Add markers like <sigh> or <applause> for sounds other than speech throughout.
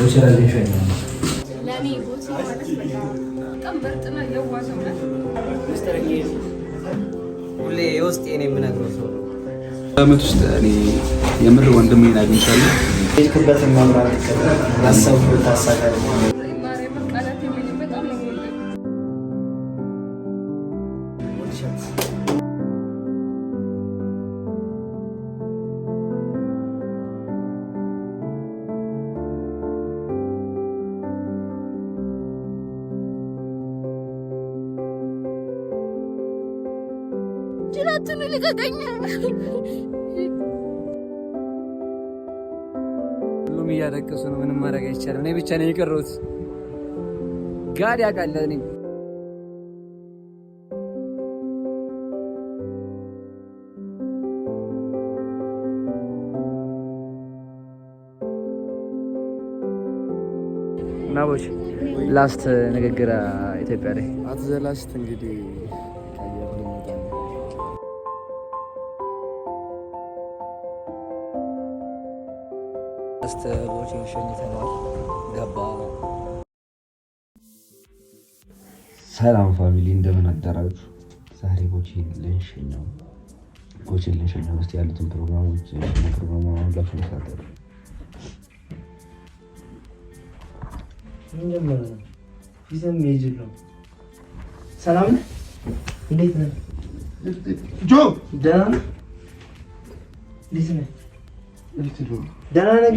በዓመት ውስጥ እኔ የምር ወንድሜን አግኝቻለሁ። ሁሉም እያለቀሱ ነው። ምንም ማድረግ አይቻልም። እኔ ብቻ ነው የቀረሁት። ጋድ ያውቃል እኔ ናቦች ላስት ንግግር ኢትዮጵያ ላይ አትዘላስት እንግዲህ ተሸኝተናል። ገባ። ሰላም ፋሚሊ እንደምን አደራችሁ? ዛሬ ቦቼን ልንሸኘው ቦቼን ልንሸኘው ውስጥ ያሉትን ፕሮግራሞች ፕሮግራማ ሁላችሁ መሳተፍ ሰላም እንዴት ነህ? ጆ ደህና ነህ? ደህና ነህ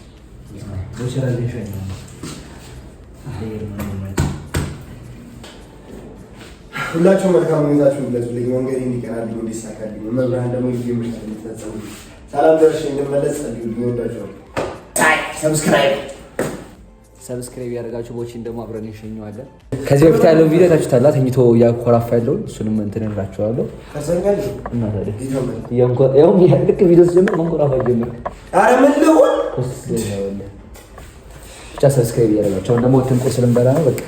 ሁላችሁም መልካም ሁኔታችሁ ግለጹልኝ፣ መንገድ እንዲሳካልኝ፣ ደግሞ ጊዜ ምርት ሰላም እንድመለስ ሰብስክራይብ ሰብስክራይብ ያደርጋችሁ ቦችን ደግሞ አብረን እንሸኘዋለን። ከዚህ በፊት ያለውን ቪዲዮ ታችሁታላ። ተኝቶ እያኮራፋ ያለውን እሱንም እንትን እላችኋለሁ። ልክ ቪዲዮ ስጀምር መንኮራፋ ጀምር ብቻ ሰብስክራይብ እያደረጋቸው ደግሞ ትንቁ ስልንበላ ነው በቃ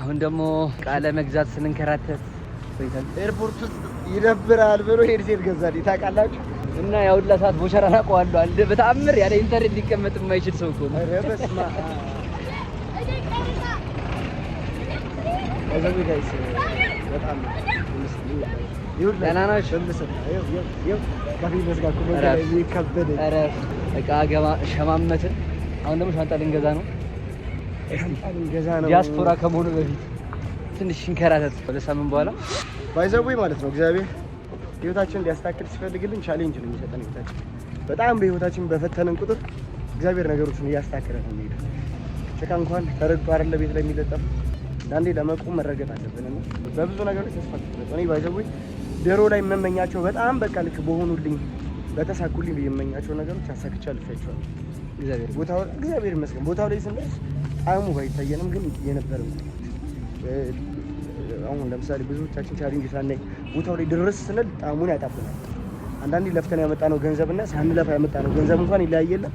አሁን ደግሞ ቃለ መግዛት ስንንከራተት ኤርፖርት ውስጥ ይደብራል ብሎ ሄድሴት ገዛል ታውቃላችሁ። እና ያው ሁላ ሰዓት ቦሸራ አውቀዋለሁ። አንድ በተአምር ያለ ኢንተርኔት ሊቀመጥ የማይችል ሰው እኮ ነው። <laughs> በጣም ሸማመትን። አሁን ደግሞ ሻንጣ ልንገዛ ነው። ዲያስፖራ ከመሆኑ በፊት ትንሽ እንከራተት። ወደ ሳምንት በኋላ ማለት ነው። እግዚአብሔር ህይወታችን እንዲያስተካክል ሲፈልግልን ቻሌንጅ ነው የሚሰጠን። ህይወታችን በጣም በህይወታችን ቁጥር እግዚአብሔር ነገሮችን እያስተካከለ ነው ጭቃ እንኳን ተረግጦ አይደለ ቤት ላይ የሚለጠፍ አንዳንዴ ለመቆም መረገጥ አለብን በብዙ ነገሮች ተስፋ ድሮ ላይ የምመኛቸው በጣም በቃ ልክ በሆኑልኝ በተሳኩልኝ የምመኛቸው ነገሮች አሳክቼ አልፌያቸዋለሁ። እግዚአብሔር ቦታው እግዚአብሔር ይመስገን ቦታው ላይ ስንደርስ ጣዕሙ ባይታየንም ግን የነበረ አሁን ለምሳሌ ብዙዎቻችን ቻሌንጅ ሳናይ ቦታው ላይ ድረስ ስንል ጣዕሙን ያጣብናል። አንዳንዴ ለፍተን ያመጣ ነው ገንዘብና ሳንለፋ ነው ገንዘብ እንኳን ይለያየለን።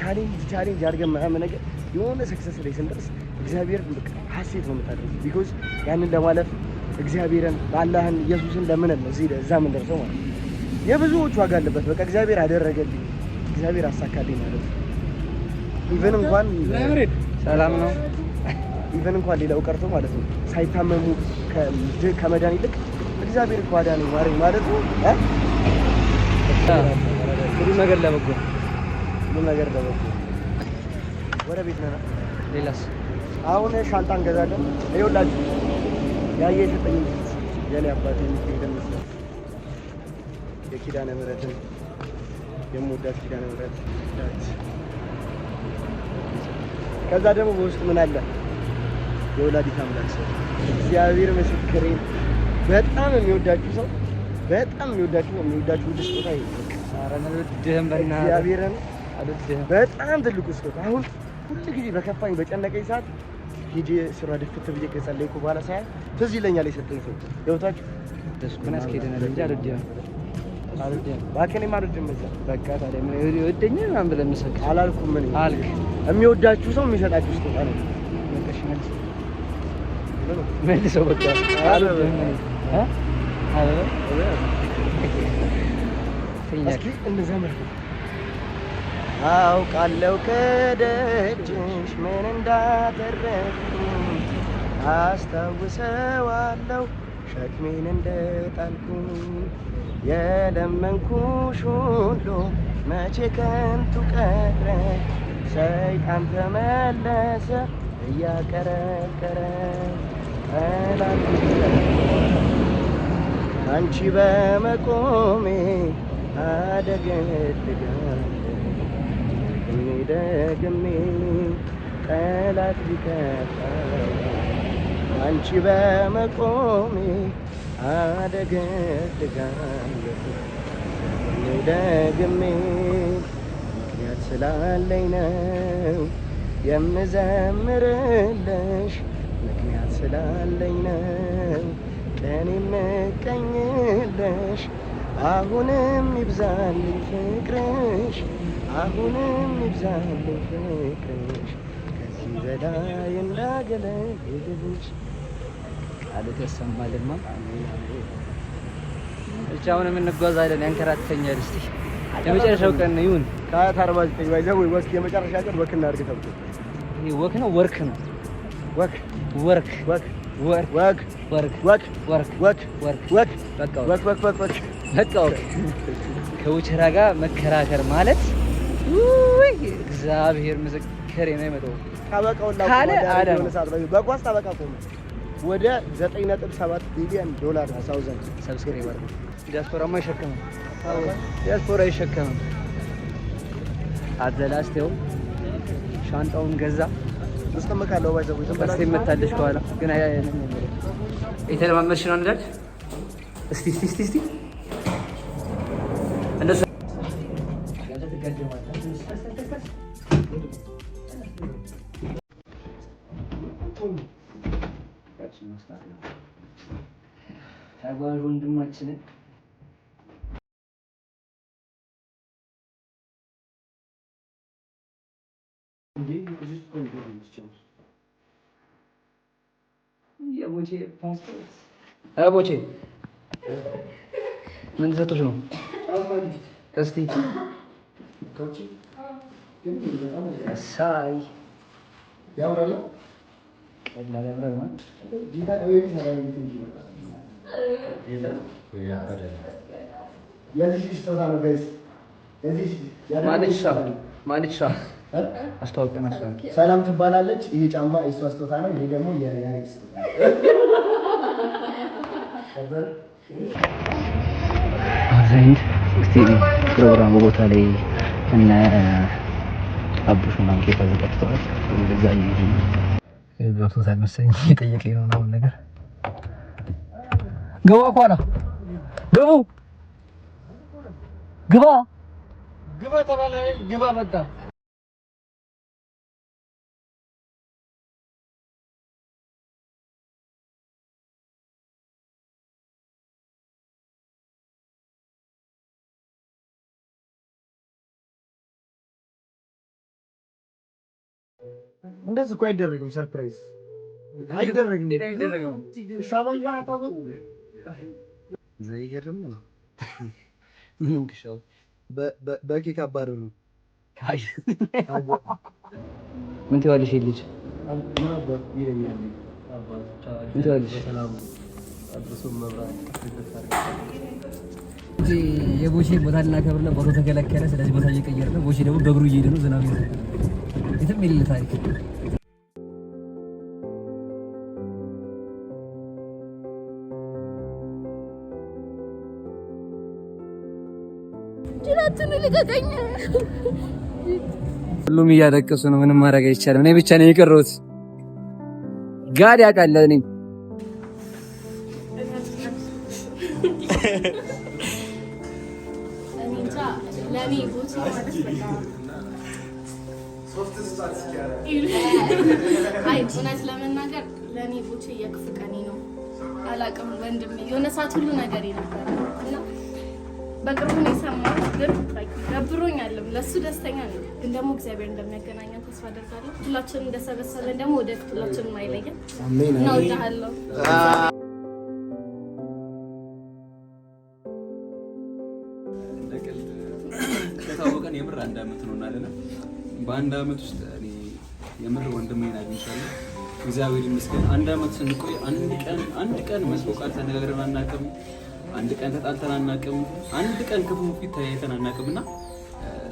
ቻሌንጅ ቻሌንጅ አድርገን ምናምን ነገር የሆነ ሰክሰስ ላይ ስንደርስ እግዚአብሔር ሀሴት ነው የምታደርገው ቢኮዝ ያንን ለማለፍ እግዚአብሔርን ባላህን ኢየሱስን ለምን ነው እዚህ እዛ ደርሰው ማለት ነው። የብዙዎች ዋጋ አለበት። በቃ እግዚአብሔር አደረገልኝ፣ እግዚአብሔር አሳካልኝ ማለት ነው። ኢቨን እንኳን ሰላም ነው ኢቨን እንኳን ሌላው ቀርቶ ማለት ነው ሳይታመሙ ከመዳን ይልቅ እግዚአብሔር እኮ አዳነኝ ማረኝ ማለት ነው። ሁሉ ነገር ለበጎ፣ ሁሉ ነገር ለበጎ። ወደ ቤት ነና ሌላስ አሁን ሻንጣ እንገዛለን ይኸውላችሁ ያየ ሰጠኝ የኔ አባት የሚገኝ ደምስ የኪዳነ ምሕረትን የምወዳት ኪዳነ ምሕረት ከዛ ደግሞ በውስጥ ምን አለ የወላዲት አምላክ ሰው እግዚአብሔር በጣም የሚወዳችሁ ሰው በጣም የሚወዳችሁ የሚወዳችሁ ስጦታ እግዚአብሔርን በጣም ትልቁ ስጦታ አሁን በከፋኝ በጨነቀኝ ሰዓት ሂጂ ስራ ድፍት ብዬ ከጸለይኩ በኋላ ሳያል ትዝ ይለኛል የሰጠኝ ሰው ገብታችሁ ደስኩን አስኬደናል እንጂ አልወድም አልወድም እባክህን አልወድም እዛ በቃ ታዲያ ምን ይወደኝ ምናምን ብለህ መሰከር አላልኩም ምን አልክ የሚወዳችሁ ሰው የሚሰጣችሁ ስጦታ ነው መቀሽ መልሰው በቃ አልወድም እ እስኪ እንደዛ አውቃለው ከደጅሽ ምን እንዳተረፍኩኝ አስታውሰዋለው ሸክሜን እንደጣልኩኝ የለመንኩሽ ሁሉ መቼ ከንቱ ቀረ ሰይጣን ተመለሰ እያቀረቀረ ጠላት አንቺ በመቆሜ አደገድጋል ደግሜ ጠላት ቢከፋ አንቺ በመቆሜ አደገድጋለሁ ደግሜ ምክንያት ስላለኝ ነው የምዘምርልሽ ምክንያት ስላለኝ ነው ቀኔ የምቀኝልሽ አሁንም ይብዛልኝ ፍቅርሽ አሁንም ይብዛል ፍቅርሽ ከዚህ በላይ እንዳገለግልሽ ቃልህ ያሰማልማ። ብቻ አሁንም እንጓዛለን። ያንከራትተኛል። እስኪ የመጨረሻው ቀን ይሁን ከአያት አርባ ዘጠኝ ባይዘ ወይ ወስ የመጨረሻ ቀን ወክ እናድርግ ተብሎ ይሄ ወክ ነው ወርክ ነው ወክ ወርክ ወክ ወክ ወክ ወክ ወክ ወክ ወክ ወክ ወክ ወክ ወክ ወክ ወክ ወክ ወክ ወክ ወክ መከራከር ወክ እግዚአብሔር ምስክሬ ነው። የመጣው በኳስ ጠበቃ ቆመ። ወደ 9.7 ቢሊዮን ዶላር ሳውዘንድ ሰብስክራይበር ዲያስፖራማ ይሸከመ ዲያስፖራ ይሸከመ አዘላስተው ሻንጣውን ገዛ እስከመካለው ባይዘው ዝምባላስ ይመታለሽ ከኋላ ግን የተለማመድሽ ነው እስቲ እስቲ እስቲ እስቲ ቦቼ ምን ሰጦች ነው? እስቲ ሳይ ያብራለ ቀላል ያብራለ ማለት ዲታ ወይ ሰላም ይተንጂ አስተዋውቅ ሰላም ትባላለች። ይህ ጫማ የእሷ ስጦታ ነው። ይሄ ደግሞ የያሬድ ስጦታ እስቲ ፕሮግራሙ ቦታ ላይ እነ አቡሽ ምናምን ኬክ አዘጋጅተዋል። ወደዛ እየሄዱ መሰለኝ። እየጠየቀኝ ነው ምናምን ነገር ገባ ኳላ ገቡ ግባ ግባ ተባለ ግባ መጣ እንደዚህ እኮ አይደረግም። ሰርፕራይዝ አይደረግም። ዘይገርም ነው። ምንም ክሻው በኬክ አባረሩ ነው። ምን ትይዋለሽ? ልጅ ምን ትይዋለሽ? የቦቼ ቦታ ልናከብር ነው። ቦታው ተከለከለ። ስለዚህ ቦታ እየቀየረ ነው። ቦቼ ደግሞ በእግሩ እየሄደ ነው። ዝናብ የትም የሌለ ታሪክ ልቀቀኝ። ሁሉም እያለቀሱ ነው። ምንም ማድረግ አይቻልም። እኔ ብቻ ነው የቀረሁት። ጋድ ያውቃል። እኔ እውነት ለመናገር ለእኔ ቦቼ የክፉ ነው። አላቅም ወንድሜ የሆነ ሰዓት ሁሉ ነገር ነበር በቅርቡ ነው የሰማሁት፣ ግን ደብሮኛልም። ለእሱ ደስተኛ ነው፣ ግን ደግሞ እግዚአብሔር እንደሚያገናኘን ተስፋ አደርጋለሁ። ሁላችንም እንደሰበሰበን ደግሞ ወደፊት ሁላችንም አይለየን። እናወዳሃለሁ። ታወቀን የምር አንድ አመት ነው እናለን። በአንድ አመት ውስጥ እኔ የምር ወንድሜን አግኝቻለሁ። እግዚአብሔር ይመስገን። አንድ አመት ስንቆይ አንድ ቀን አንድ ቀን መስቦ ቃል ተነጋግረን አናውቅም። አንድ ቀን ተጣልተን አናውቅም። አንድ ቀን ክፉ ፊት ተያይተን አናውቅም እና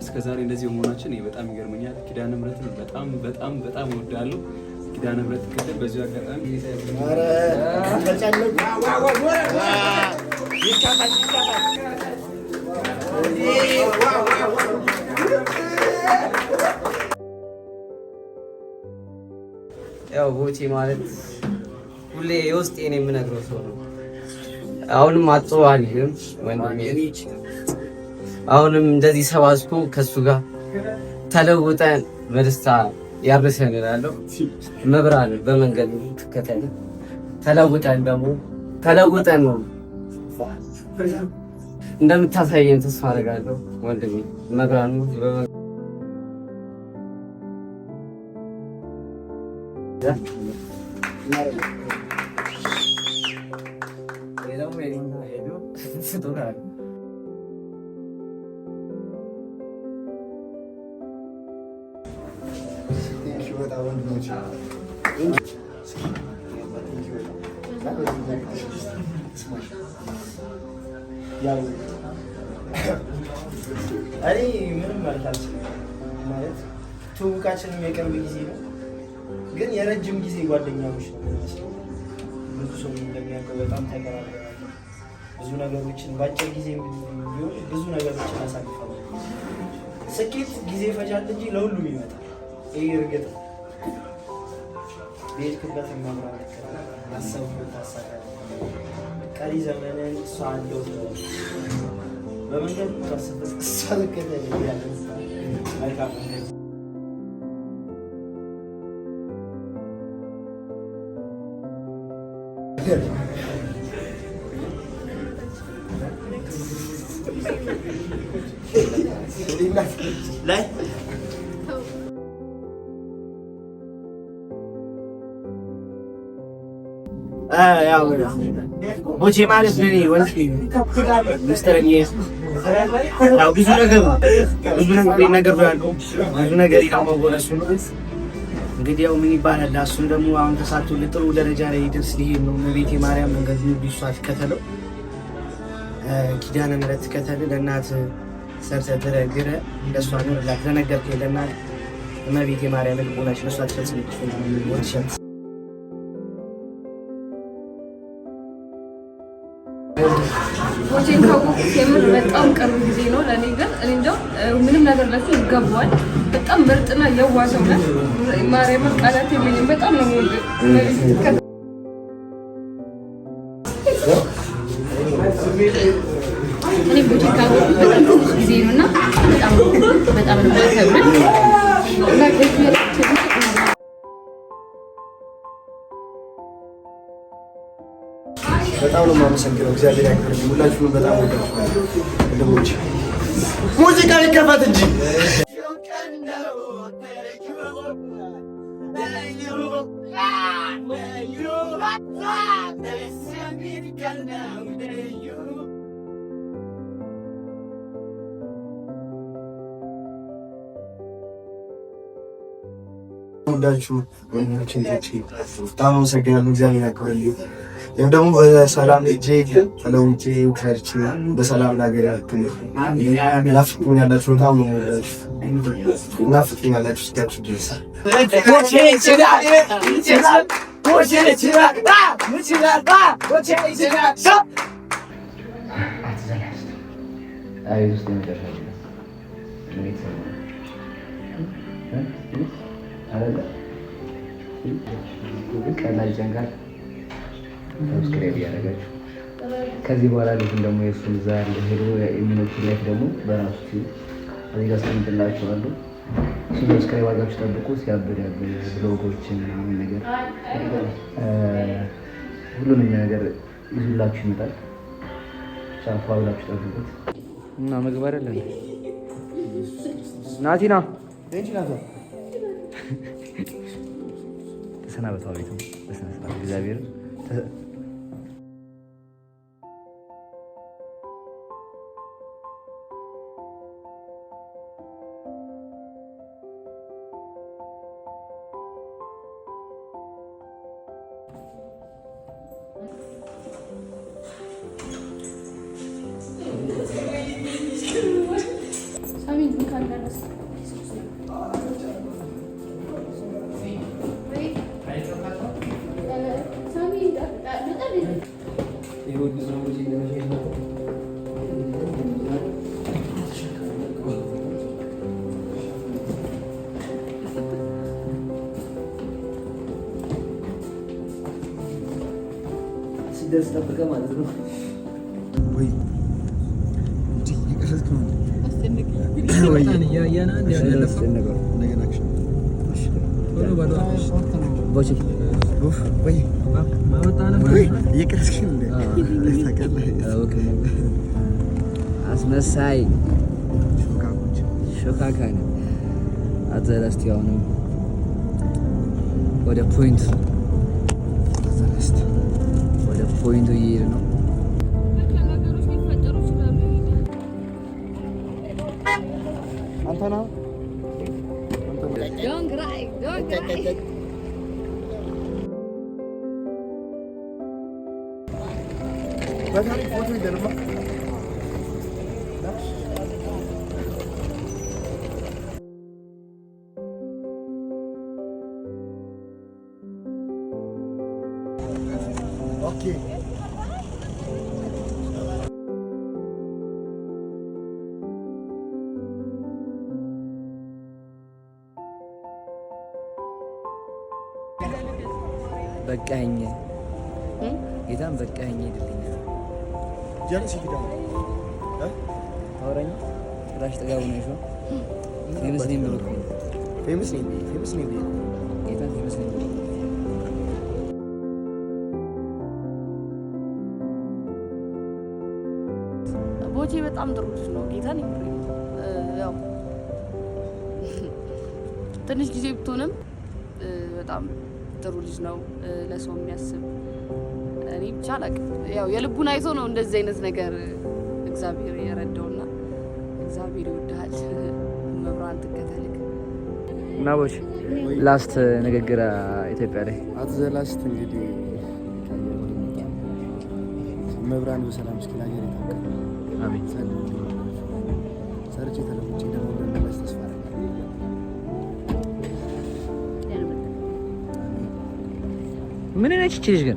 እስከ ዛሬ እንደዚህ መሆናችን በጣም ይገርመኛል። ኪዳነ ምሕረትን በጣም በጣም በጣም እወዳለሁ። ኪዳነ ምሕረት ክትል በዚሁ አጋጣሚ ያው ቦቼ ማለት ሁሌ የውስጤን የምነግረው ሰው ነው አሁንም አጥቶ አልሄድም ወንድሜ። አሁንም እንደዚህ ሰባስኩ ከሱ ጋር ተለውጠን በደስታ ያብሰን እላለሁ። መብራን በመንገድ ትከተል ተለውጠን ደግሞ ተለውጠን ነው እንደምታሳየን ተስፋ አደርጋለሁ ወንድሜ መብራን በመንገድ 시도가 땡큐다 እኔ ምንም ማለት አልችልም። ማለት ትውውቃችንም የቅርብ ጊዜ ነው፣ ግን የረጅም ጊዜ ጓደኛሞች ነው። ብዙ ሰው እንደሚያውቀው በጣም ተቀራርበናል። ብዙ ነገሮችን በአጭር ጊዜ ቢሆን ብዙ ነገሮችን አሳልፋለሁ። ስኬት ጊዜ ፈጃል እንጂ ለሁሉም ይመጣል። ይህ እርግጥ ነው። ቤትክበት መምራት አሰብኩት ታሳካለህ። ቀሪ ዘመንን እሷ አለው በመንገድ ታስበት እሷ ልከተ ያለ መልካም መንገድ Yeah. ላይ ቦቼ ማለት ለኔ ወንድ ሚስተርዬ ያው ብዙ ነገር ብዙ ነገር ይነገራሉ። ብዙ ነገር ያመወረሱ እንግዲህ ያው ምን ይባላል። እሱም ደግሞ አሁን ተሳክቶ ጥሩ ደረጃ ላይ ደርስ ሊሄድ ነው። ቤቴ ማርያም መንገድ ነው ቢሷት ከተለው ኪዳነ ምሕረት ከተል ለእናት ሰርተ እንደሷ ኑር ኑርላት ለነገርከኝ ለእናት እመቤቴ ማርያም ልቦናሽ ለእሷ ትፈጽምልሽ ወድሸት ሞቼን ካወኩት የምር በጣም ቅርብ ጊዜ ነው ለእኔ ግን እኔ እንደው ምንም ነገር ለሱ ይገባዋል። በጣም ምርጥና የዋ ሰው ነው። ማርያም ቃላት የለኝም። በጣም ነው ሞል እኔ ቡቲክ በጣም ትንሽ ጊዜ ነው እና በጣም በጣም ነው ማከብረን በጣም ነው የማመሰግነው። እግዚአብሔር ያክብርልኝ። ሁላችሁም በጣም ወዳችኋለሁ። ሙዚቃ ይከፈት እንጂ እንዳልሽው ወንድሞችን ሄጄ በጣም አመሰግናለሁ። እግዚአብሔር ያክብርልኝ። ይህም ደግሞ በሰላም ሄጄ ተለውጬ ከርቼ በሰላም ለሀገር ያክል ናፍቁኝ ያላችሁ በጣም ነው ናፍቁኝ ያላችሁ እስካችሁ ድረስ አይዞሽ የመጨረሻ አይደለ? ከናጀን ጋር ሰብስክራይብ ያደረጋችሁ ከዚህ በኋላ ልጅም ደግሞ የእሱን እዛ ያለ ሄዶ የሚኖች ላይፍ ደግሞ በራሱ እዚህ ጋር ስምንትላችኋለሁ። እሱ ሰብስክራይብ አድርጋችሁ ጠብቁ። ሲያብድ ያብ ብሎጎችን ምናምን ነገር ሁሉንም ነገር ይዙላችሁ ይመጣል። ሻፏ ብላችሁ ጠብቁት እና መግባር ያለን ናቲና Desene abi tabii tamam. Desene abi güzel bir yerim. Sen bildin kendilerine. እስኪደርስ ጠብቀህ ማለት ነው። አስመሳይ ሾካካ ነው። አዘረስት የሆነው ወደ ፖይንት point ഉയരുന്നു No? Antana. Don't cry, don't cry. Ben hani fotoğrafı derim bak. jealous ጥጋቡ ነው ይሾ ፌመስ ነኝ ብሎ ፌመስ ነኝ ፌመስ ነኝ ጌታ ፌመስ ነኝ ቦቼ በጣም ጥሩ ልጅ ነው። ጌታ ያው ትንሽ ጊዜ ብትሆንም በጣም ጥሩ ልጅ ነው። ለሰው የሚያስብ እኔ ብቻ አላውቅም። ያው የልቡን አይቶ ነው እንደዚህ አይነት ነገር እግዚአብሔር የረዳውና እግዚአብሔር ይወድሃል። መብራን ትከተልክ ናቦች ላስት ንግግር ኢትዮጵያ ላይ አት ዘ ላስት እንግዲህ መብራን በሰላም እስኪ ሀገር የታቀ ሰርቼ ደግሞ መለስ ተስፋ ምን ነች ይችልሽ ግን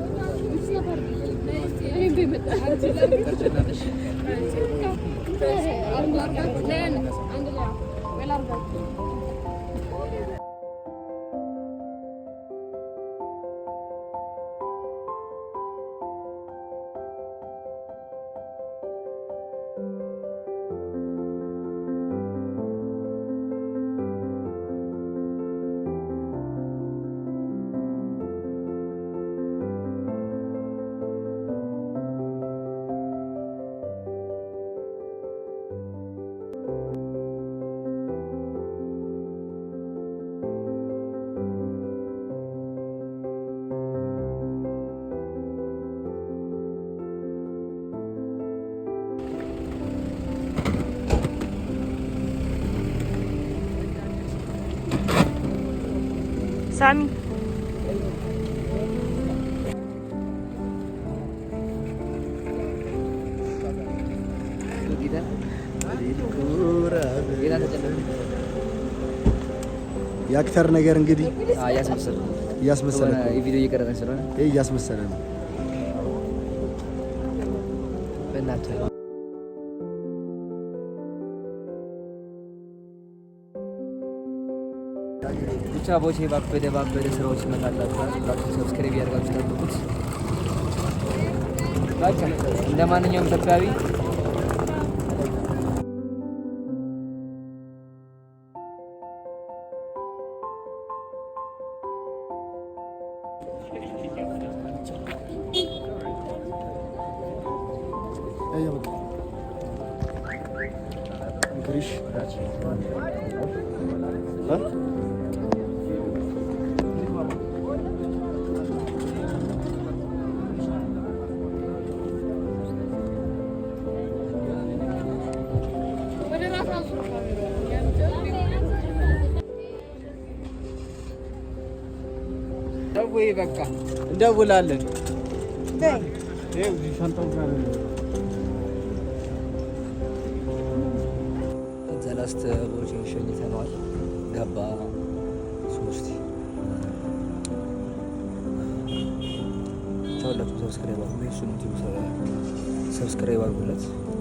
Thank you. sa የአክተር ነገር እንግዲህ እያስመሰለ ቪዲዮ እየቀረጠ እያስመሰለ ነው። ብቻ ቦቼ ባበደ ባበደ ስራዎች ይመጣላችሁ። ሰብስክራይብ ያደርጋችሁ ጠብቁት። እንደ ማንኛውም ኢትዮጵያዊ ወይ በቃ እንደውላለን። ዘላስት ቦርጅ ሸኝተነዋል። ገባ ሶስት ሰብስክራይብ አድርጉለት